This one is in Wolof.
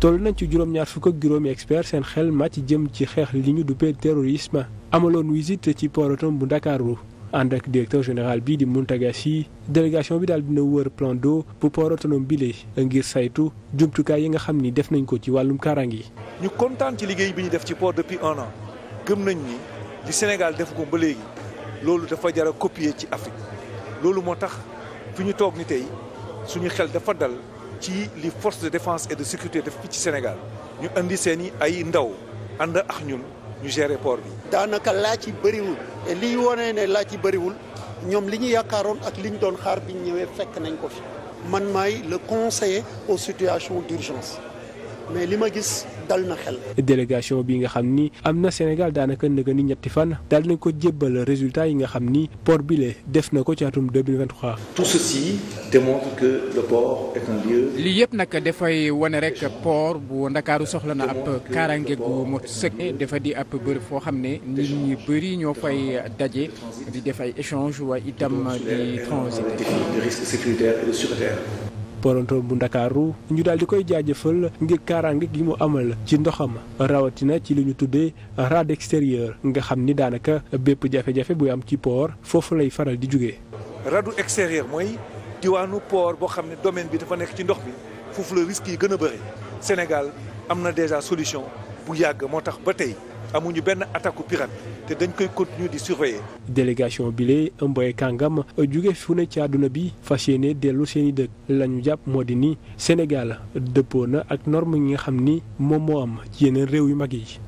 toll nañ ci juróom-ñaar fukk ak juróomi expert seen xel màcc jëm ci xeex li ñu duppee terrorisme amaloon visite ci port autonome bu Ndakaaru ànd ak directeur général bii di Mountaga Sy délégation bi daal dina wër plan d'eau bu port autonome bi lay ngir saytu jumtukaay yi nga xam ni def nañ ko ci wàllum kaaraange yi. ñu kontaan ci liggéey bi ñu def ci port depuis un an gëm nañ ni li Sénégal def ko ba léegi loolu dafa jar a copier ci Afrique loolu moo tax fi ñu toog ni suñu xel dafa ci li force de défence et de sécurité def fii ci Sénégal ñu indi seen i ay ndaw ànd ak ñun ñu gérer port bi. daanaka laaj yi bëriwul te liy wone ne laaj yi bëriwul ñoom li ñu yaakaaroon ak li ñu doon xaar bi ñëwee fekk nañ ko fi man may le conseiller au situation d'urgence mais li ma gis dal na xel. nga xam ni am na Sénégal daanaka ndëgg ni ñetti fan daal nañ ko jébbal résultat yi nga xam ni port bile def na ko ci atum 2023. tout ceci démontre que lii yëpp nag dafay wane rek port bu ndakaaru soxla na ab kaaraange gu mot sëkk dafa di ab bërëb foo xam ne nit ñi bëri ñoo fay daje di def ay échange waaye itam di transiter. poronto bu ndakaaru ñu daal di koy jaajëfal ngir kaaraange gi mu amal ci ndoxam rawatina ci li ñu tuddee rade extérieur nga xam ni daanaka bépp jafe-jafe buy am ci port foofu lay faral di jugee. radu extérieur mooy diwaanu port boo xam ne domaine bi dafa nekk ci ndox bi foofu la risque yi gën a bëri Sénégal am na déjà solution bu yàgg moo tax ba tey. amuñu benn attaque pirate te dañ koy continuer di surveiller. délégation bile kàngama kàngam jóge fu ne ci àdduna bi fas yéene dellu seeni dëkk lañu jàpp moo di ni Sénégal dëppoo na ak norme yi nga xam ni moom moo am ci yeneen réew yu mag yi.